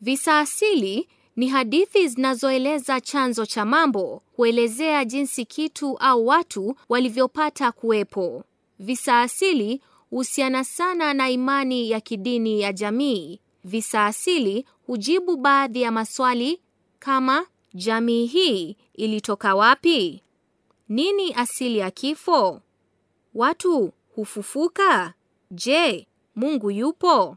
Visa asili ni hadithi zinazoeleza chanzo cha mambo, kuelezea jinsi kitu au watu walivyopata kuwepo. Visa asili huhusiana sana na imani ya kidini ya jamii. Visa asili hujibu baadhi ya maswali kama jamii hii ilitoka wapi? Nini asili ya kifo? Watu hufufuka? Je, Mungu yupo?